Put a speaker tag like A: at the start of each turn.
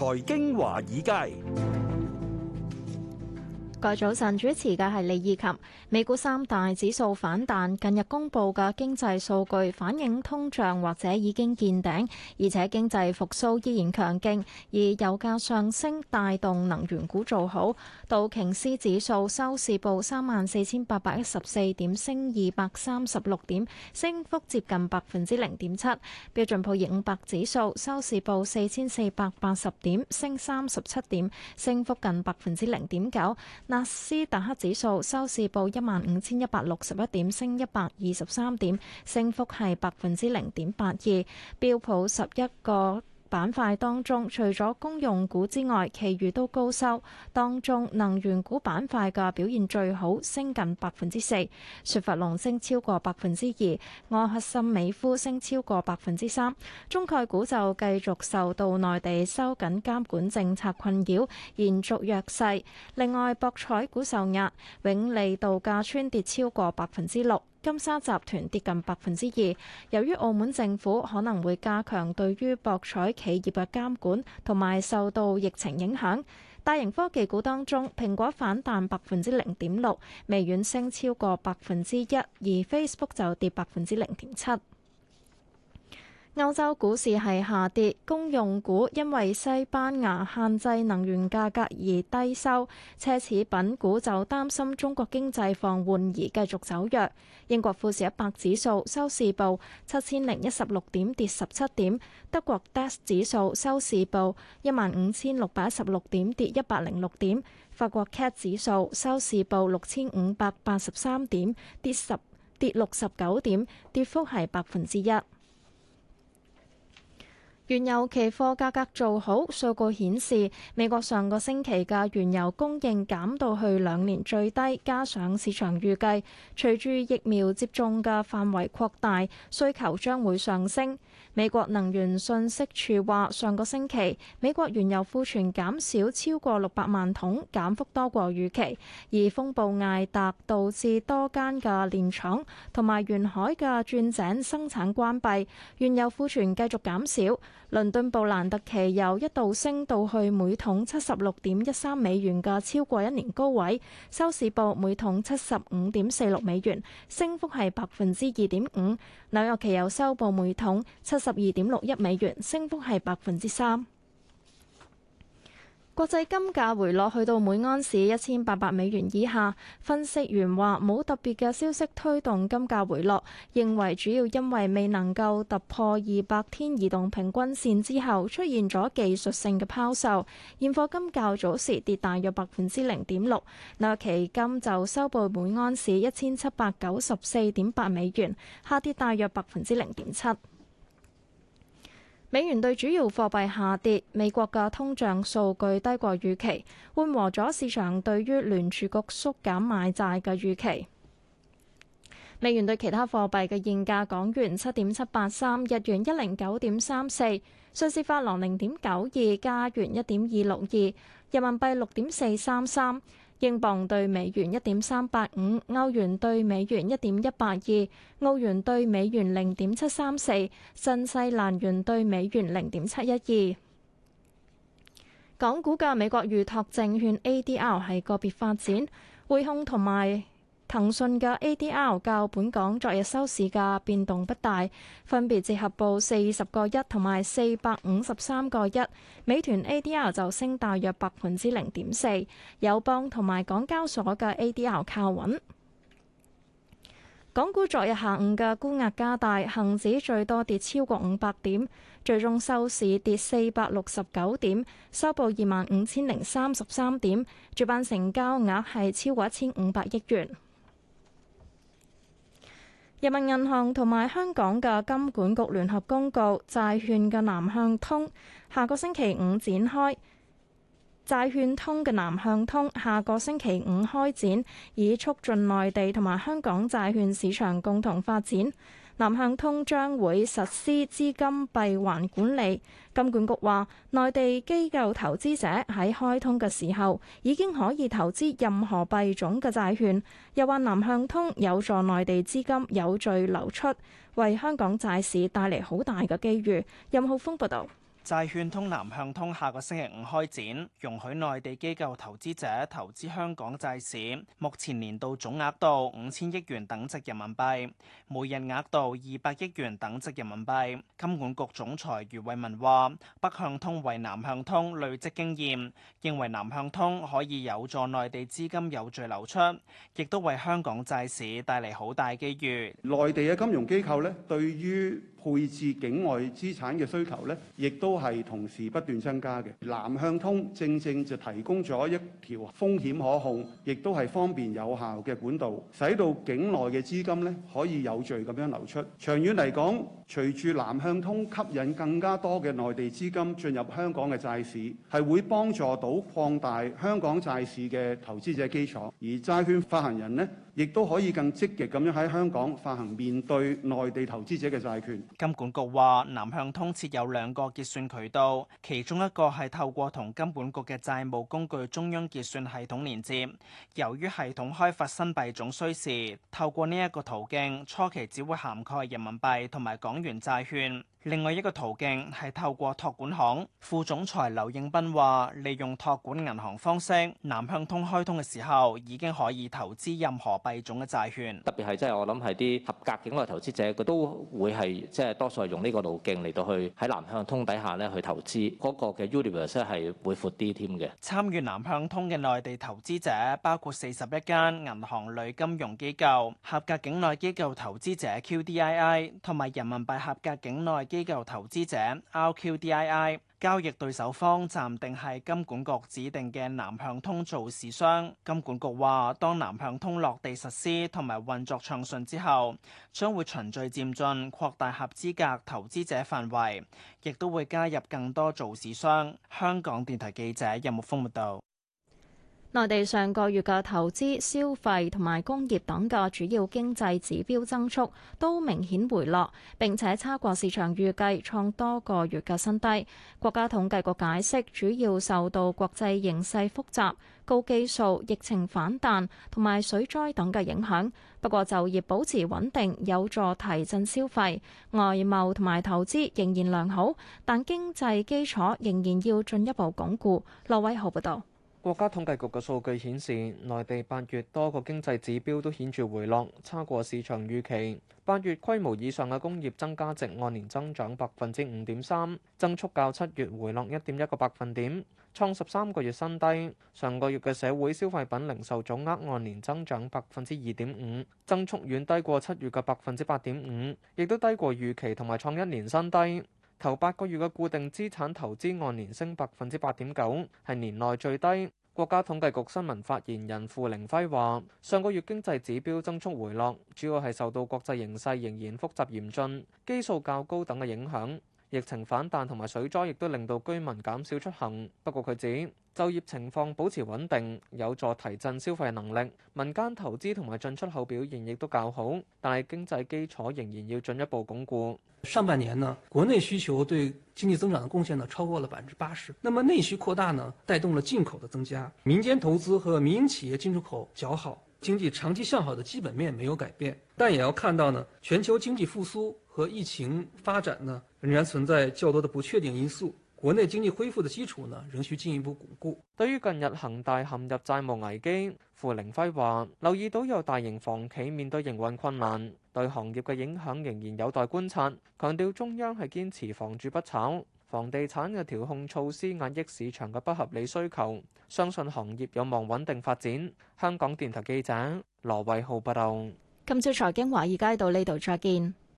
A: 財經華爾街。
B: 各位早晨，主持嘅係李意琴。美股三大指數反彈，近日公布嘅經濟數據反映通脹或者已經見頂，而且經濟復甦依然強勁，而油價上升帶動能源股做好。道瓊斯指數收市報三萬四千八百一十四點，升二百三十六點，升幅接近百分之零點七。標準普爾五百指數收市報四千四百八十點，升三十七點，升幅近百分之零點九。納斯達克指數收市報一萬五千一百六十一點，升一百二十三點，升幅係百分之零點八二。標普十一個板塊當中，除咗公用股之外，其餘都高收。當中能源股板塊嘅表現最好，升近百分之四。雪佛龍升超過百分之二，埃克森美孚升超過百分之三。中概股就繼續受到內地收緊監管政策困擾，延續弱勢。另外，博彩股受壓，永利度假村跌超過百分之六。金沙集團跌近百分之二，由於澳門政府可能會加強對於博彩企業嘅監管，同埋受到疫情影響。大型科技股當中，蘋果反彈百分之零點六，微軟升超過百分之一，而 Facebook 就跌百分之零點七。歐洲股市係下跌，公用股因為西班牙限制能源價格而低收，奢侈品股就擔心中國經濟放緩而繼續走弱。英國富時一百指數收市報七千零一十六點，跌十七點。德國 DAX 指數收市報一萬五千六百一十六點，跌一百零六點。法國 CAC 指數收市報六千五百八十三點，跌十跌六十九點，跌幅係百分之一。原油期貨價格做好，數據顯示美國上個星期嘅原油供應減到去兩年最低，加上市場預計隨住疫苗接種嘅範圍擴大，需求將會上升。美國能源信息處話，上個星期美國原油庫存減少超過六百萬桶，減幅多過預期。而風暴艾達導致多間嘅煉廠同埋沿海嘅鑽井生產關閉，原油庫存繼續減少。倫敦布蘭特期油一度升到去每桶七十六點一三美元嘅超過一年高位，收市報每桶七十五點四六美元，升幅係百分之二點五。紐約期油收報每桶七十二點六一美元，升幅係百分之三。國際金價回落去到每盎司一千八百美元以下，分析員話冇特別嘅消息推動金價回落，認為主要因為未能夠突破二百天移動平均線之後出現咗技術性嘅拋售。現貨金較早時跌大約百分之零點六，那期金就收報每盎司一千七百九十四點八美元，下跌大約百分之零點七。美元對主要貨幣下跌，美國嘅通脹數據低過預期，緩和咗市場對於聯儲局縮減買債嘅預期。美元對其他貨幣嘅現價：港元七點七八三，日元一零九點三四，瑞士法郎零點九二，加元一點二六二，人民幣六點四三三。英鎊兌美元一點三八五，歐元兌美元一點一八二，澳元兌美元零點七三四，新西蘭元兌美元零點七一二。港股嘅美國預託證券 ADR 係個別發展，匯控同埋。騰訊嘅 A D R 較本港昨日收市價變動不大，分別折合報四十個一同埋四百五十三個一。美團 A D R 就升大約百分之零點四，友邦同埋港交所嘅 A D R 靠穩。港股昨日下午嘅沽壓加大，恒指最多跌超過五百點，最終收市跌四百六十九點，收報二萬五千零三十三點。主板成交額係超過一千五百億元。人民銀行同埋香港嘅金管局聯合公告，債券嘅南向通下個星期五展開，債券通嘅南向通下個星期五開展，以促進內地同埋香港債券市場共同發展。南向通將會實施資金閉環管理，金管局話：內地機構投資者喺開通嘅時候已經可以投資任何幣種嘅債券，又話南向通有助內地資金有序流出，為香港債市帶嚟好大嘅機遇。任浩峰報道。
A: 債券通南向通下個星期五開展，容許內地機構投資者投資香港債市，目前年度總額度五千億元等值人民幣，每日額度二百億元等值人民幣。金管局總裁余偉文話，北向通為南向通累積經驗，認為南向通可以有助內地資金有序流出，亦都為香港債市帶嚟好大機遇。
C: 內地嘅金融機構咧，對於配置境外資產嘅需求咧，亦都係同時不斷增加嘅。南向通正正就提供咗一條風險可控，亦都係方便有效嘅管道，使到境內嘅資金咧可以有序咁樣流出。長遠嚟講，隨住南向通吸引更加多嘅內地資金進入香港嘅債市，係會幫助到擴大香港債市嘅投資者基礎，而債券發行人咧。亦都可以更積極咁樣喺香港發行面對內地投資者嘅債券。金管
A: 局話，南向通設有兩個結算渠道，其中一個係透過同金管局嘅債務工具中央結算系統連接。由於系統開發新幣種需時，透過呢一個途徑，初期只會涵蓋人民幣同埋港元債券。另外一個途徑係透過託管行。副總裁劉應斌話，利用託管銀行方式，南向通開通嘅時候已經可以投資任何幣種嘅債券，
C: 特別係即係我諗係啲合格境內投資者，佢都會係即係多數係用呢個路徑嚟到去喺南向通底下咧去投資，嗰個嘅 universe 係係會闊啲添嘅。
A: 參與南向通嘅內地投資者包括四十一間銀行類金融機構、合格境內機構投資者 QDII 同埋人民幣合格境內機構投資者 RQDII。交易對手方暫定係金管局指定嘅南向通做市商。金管局話，當南向通落地實施同埋運作暢順之後，將會循序漸進擴大合資格投資者範圍，亦都會加入更多做市商。香港電台記者任木峯報道。
B: 內地上個月嘅投資、消費同埋工業等嘅主要經濟指標增速都明顯回落，並且差過市場預計，創多個月嘅新低。國家統計局解釋，主要受到國際形勢複雜、高技術疫情反彈同埋水災等嘅影響。不過就業保持穩定，有助提振消費，外貿同埋投資仍然良好，但經濟基礎仍然要進一步鞏固。羅偉豪報導。
C: 國家統計局嘅數據顯示，內地八月多個經濟指標都顯著回落，差過市場預期。八月規模以上嘅工業增加值按年增長百分之五點三，增速較七月回落一點一個百分點，創十三個月新低。上個月嘅社會消費品零售總額按年增長百分之二點五，增速遠低過七月嘅百分之八點五，亦都低過預期，同埋創一年新低。頭八個月嘅固定資產投資按年升百分之八點九，係年內最低。國家統計局新聞發言人付凌暉話，上個月經濟指標增速回落，主要係受到國際形勢仍然複雜嚴峻、基數較高等嘅影響。疫情反彈同埋水災亦都令到居民減少出行。不過佢指就業情況保持穩定，有助提振消費能力。民間投資同埋進出口表現亦都較好，但係經濟基礎仍然要進一步鞏固。上半年呢，國內需求對經濟增長的貢獻呢超過了百分之八十。那麼內需擴大呢，帶動了進口的增加，民間投資和民營企業進出口較好。經濟長期向好的基本面沒有改變，但也要看到呢，全球經濟復蘇和疫情發展呢，仍然存在較多的不確定因素。國內經濟恢復的基礎呢，仍需進一步鞏固。對於近日恒大陷入債務危機，傅凌輝話：留意到有大型房企面對營運困難，對行業嘅影響仍然有待觀察。強調中央係堅持房住不炒。房地產嘅調控措施壓抑市場嘅不合理需求，相信行業有望穩定發展。香港電台記者羅偉浩報道。
B: 今朝財經華爾街到呢度再見。